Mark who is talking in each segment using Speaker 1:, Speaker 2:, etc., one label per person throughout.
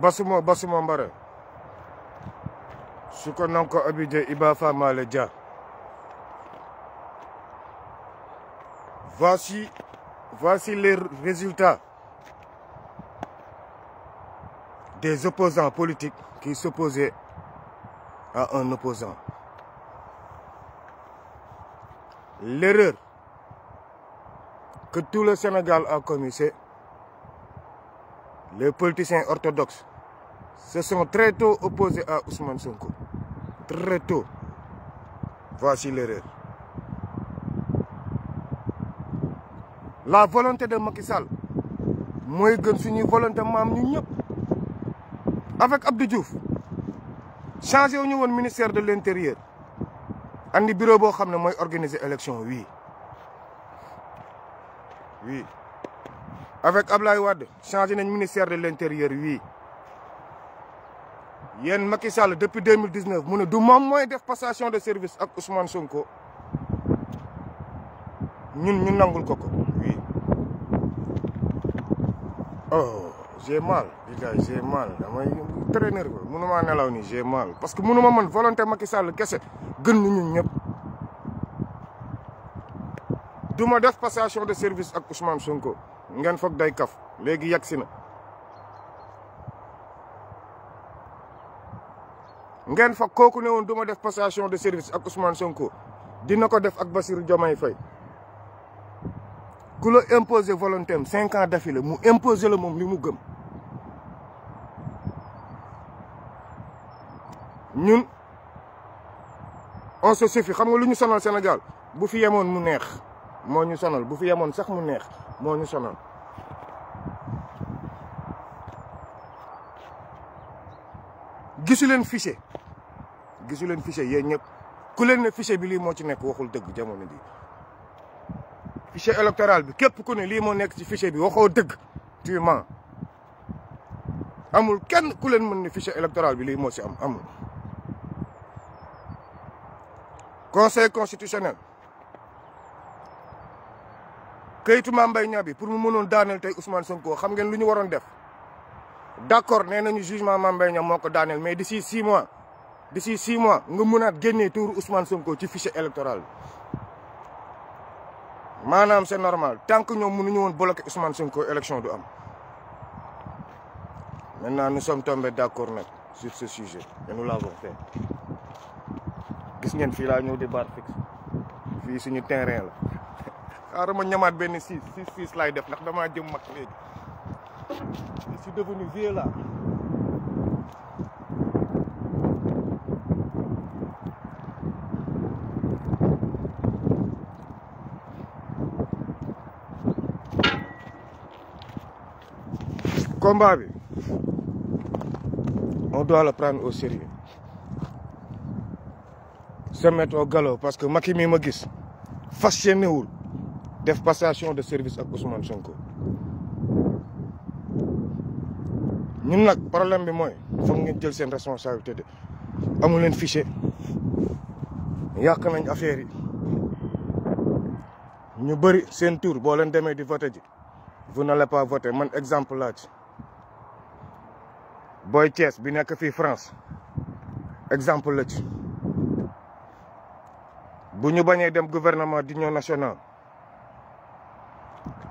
Speaker 1: Basumo Basumo Mbare nanko Abidé Fama, le Voici voici les résultats des opposants politiques qui s'opposaient à un opposant. L'erreur que tout le Sénégal a commise les politiciens orthodoxes se sont très tôt opposés à Ousmane Sonko. Très tôt. Voici l'erreur. La volonté de Macky Sall, mooy gën volontairement volonté avec Abdou Diouf changé au niveau du ministère de l'intérieur... andi bureau boo oui oui avec Ablaye Wade changé le ministère de l'Intérieur, oui yéen Macky depuis 2019, Mon, du passation de service avec Ousmane Sonko Nous, ñu nangul ko oui. oh j'ai mal gars, j'ai mal damay très nerveux mënuma nelaw nii j'ai mal parce que mënuma volontaire volonté qu'est-ce que gën ñu ñun ñëpp. du ma passation de service avec Ousmane Sonko. ngeen foog day kaf léegi yegg si na ngeen foog kooku ne woon du def passation de service ak Ousmane Sonko dina ko def ak Bassirou Diomaye Faye ku imposé volonté am cinq ans d'affilée mu imposé la moom li mu gëm ñun on se suffit xam nga lu ñu sonal Sénégal bu fi yemoon mu neex moo ñu sonal bu fi yemoon sax mu neex moo ñu sonal gisu leen fichier gisu leen fichier yéen ñëpp ku leen ne fichier bi lii moo ci nekk waxul dëgg jamono bi fichier électoral bi képp ku ne lii moo nekk ci fichier bi waxoo dëgg tu amul kenn ku leen mën ni fichier électoral bi lii moo ci am amul conseil constitutionnel kayitu mambay Mbaye pour mu mënoon daaneel tay Ousmane Sonko xam ngeen luñu ñu def d'accord accord nañu jugement mambay Mbaye moko moo mais d'ici 6 mois d'ici 6 mois nga mënaat génnee tour Ousmane Sonko ci fichier électoral manam c'est normal tant que ñom mënuñu won bloquer Ousmane Sonko élection du am maintenant nous sommes tombés d'accord nak sur ce sujet et nous l'avons fait gis ngeen fi la ñëw débat fixe fi suñu terrain la. xaaral ma ñamaat benn six six six laay def nak dama jëm mak léegi je suis devenu vieux là combat bi on doit le prendre au sérieux se mettre au galop parce que makimi ma gis fas wul def passation de service ak Ousmane Nous ñun un problème bi moy ngeen jël responsabilité de fichier nañ affaire yi ñu tour di vous n'allez pas voter man exemple la bi France exemple la ci buñu gouvernement d'union nationale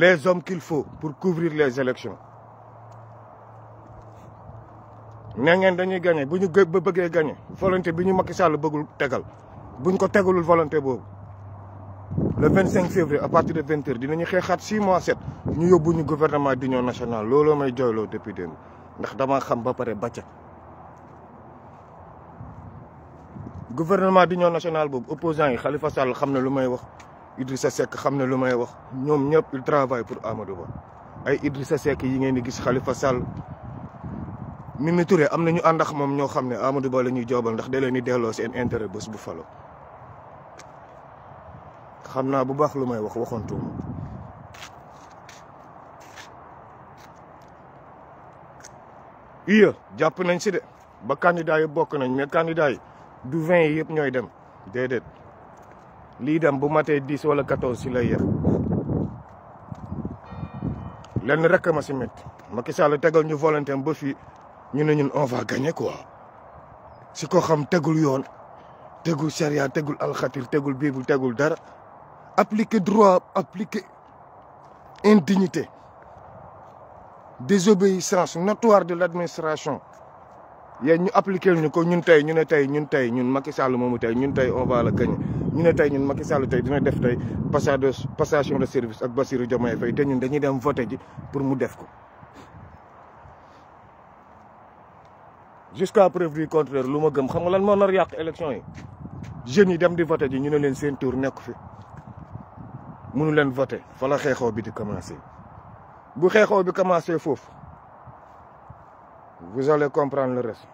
Speaker 1: les hommes qu'il faut pour couvrir les élections ne ngeen dañuy gagné bu ñu volonté de Macky Sall bëggul tegal bu ñu ko tegalul volonté le 25 février à partir de 20 h dinañu xeexaat 6 mois 7 ñu yóbbu ñu gouvernement d'union nationale que may jooyloo depuis démb ndax damaa xam ba pare bàcc. gouvernement d'union nationale boobu opposant yi Khalifa Sall ce que je veux wax. Idrissa Seck xam na lu may wax ñoom ñëpp il travaille pour Amadou Ba ay Idrissa Seck yi ngeen di gis Khalifa Sall Mimi Touré am na ñu ànd moom ñoo xam ne Amadou Ba la ñuy joobal ndax da leen di delloo seen intérêt bés bu falo xam naa bu baax lu may wax waxoon tuuma jàpp nañ si de ba candidat bokk nañ mais candidat yi du vingt yi yëpp ñooy dem déedéet lii bu matee dix wala 14 si lay yéex lenn rek ma si métti Macky Sall tegal ñu volonté am ba fii ñu ne ñun on va gagner quoi si ko xam tegul yoon tegul charia al alxatir tegul bible tégul dara appliquer droit appliquer indignité désobéissance notoire de l'administration yéen ñu appliqué ñu ko ñun tey ñu ne tey ñun tay ñun Macky Sall momu tay ñun tay on va la gagner ñu ne tey ñun Macky Sall tay dina def tay passage passation de service ak Bassirou Diomaye fay te ñun dañuy dem voter ji pour mu def ko. jusqu'à preuve du contraire luma gëm xam nga lan mo nar yàq élection yi jeune yi dem di voter ji ñu ne leen seen tour nekk fi mënu leen voter fa la xeexoo bi di commencer bu xeexoo bi commencer fofu vous allez comprendre le reste.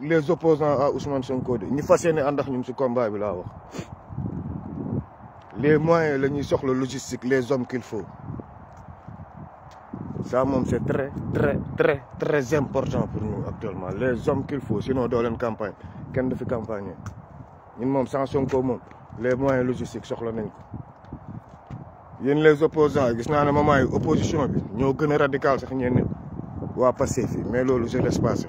Speaker 1: les opposants à Ousmane Sonko de ñu fas yéene ànd combat bi wax les moyens la logistique les hommes qu'il faut ça c'est très très très très important pour nous actuellement les hommes qu'il faut sinon doo leen campagne kenn du fi campagne ñun moom sans Sonko les moyens logistiques soxla nañ ko yeen les opposants gis sont en opposition bi ñoo gën radical sax ñen wa passé. fi mais lolu je laisse passer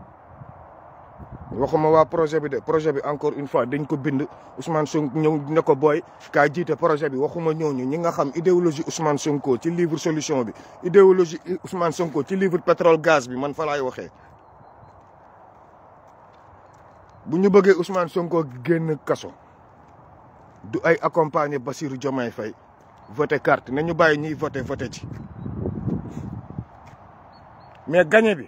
Speaker 1: waxuma waa projet bi de projet bi encore une fois dañ ko bind Ousmane Sonko ñëw ne ko booy kaa jiite projet bi waxuma ñooñu ñi nga xam idéologie Ousmane Sonko ci livre solution bi idéologie Ousmane Sonko ci livre pétrole gaz bi man fa laay waxee. bu ñu bëggee Ousmane Sonko génn kaso du ay accompagner Bassirou Diomaye Faye voté carte ñu bàyyi ñuy voté voté ci mais gagné bi.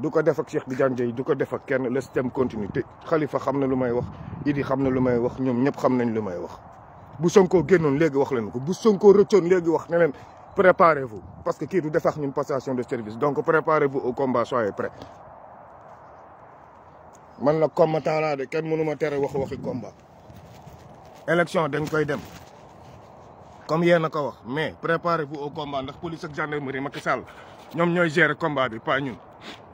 Speaker 1: duko def ak Cheikh Tidiane Dieye duko def ak kenn le système continue te Khalifa xamna lumay wax Idi xamna lumay wax ñom ñep xamnañ lumay wax. bu Sonko génnoon legi wax len ko bu Sonko rëccoon legi wax nenen préparez-vous parce que ki du def ak ñun passation de service donc préparez-vous au combat soyez prêts. man la combattant laa de ken mënuma téré wax waxi combat. élection dañ koy dem comme yéna ko wax mais préparez-vous au combat ndax police ak gendarmerie Macky Sall ñoom ñooy gérer combat bi pas ñun.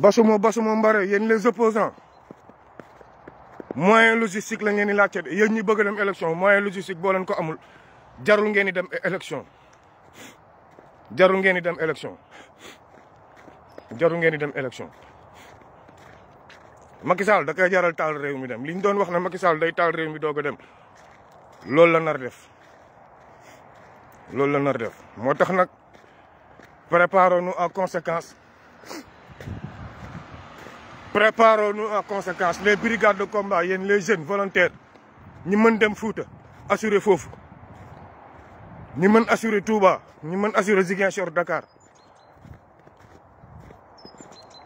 Speaker 1: Bassoumo Bassoumo Mbare les opposants moyen logistique la ngeen di ñi bëgg élection moyen logistique boo leen ko amul jarul élection jarul élection jarul élection. Macky Sall da jaral taal réew mi dem doon wax Macky Sall day taal réew mi a dem loolu la nar def nous en conséquence préparons-nous en conséquence les brigades de combat les jeunes volontaires ñi mën dem Fouta assurer foofu ñi mën assurer Touba ñi mën assurer sur Dakar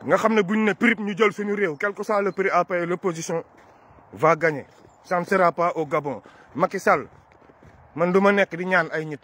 Speaker 1: nga xam ne ne prix ñu jël suñu quel que soit le prix à payer l'opposition va gagner ça ne sera pas au Gabon Makissal, Sall man du ma nekk di ñaan ay nit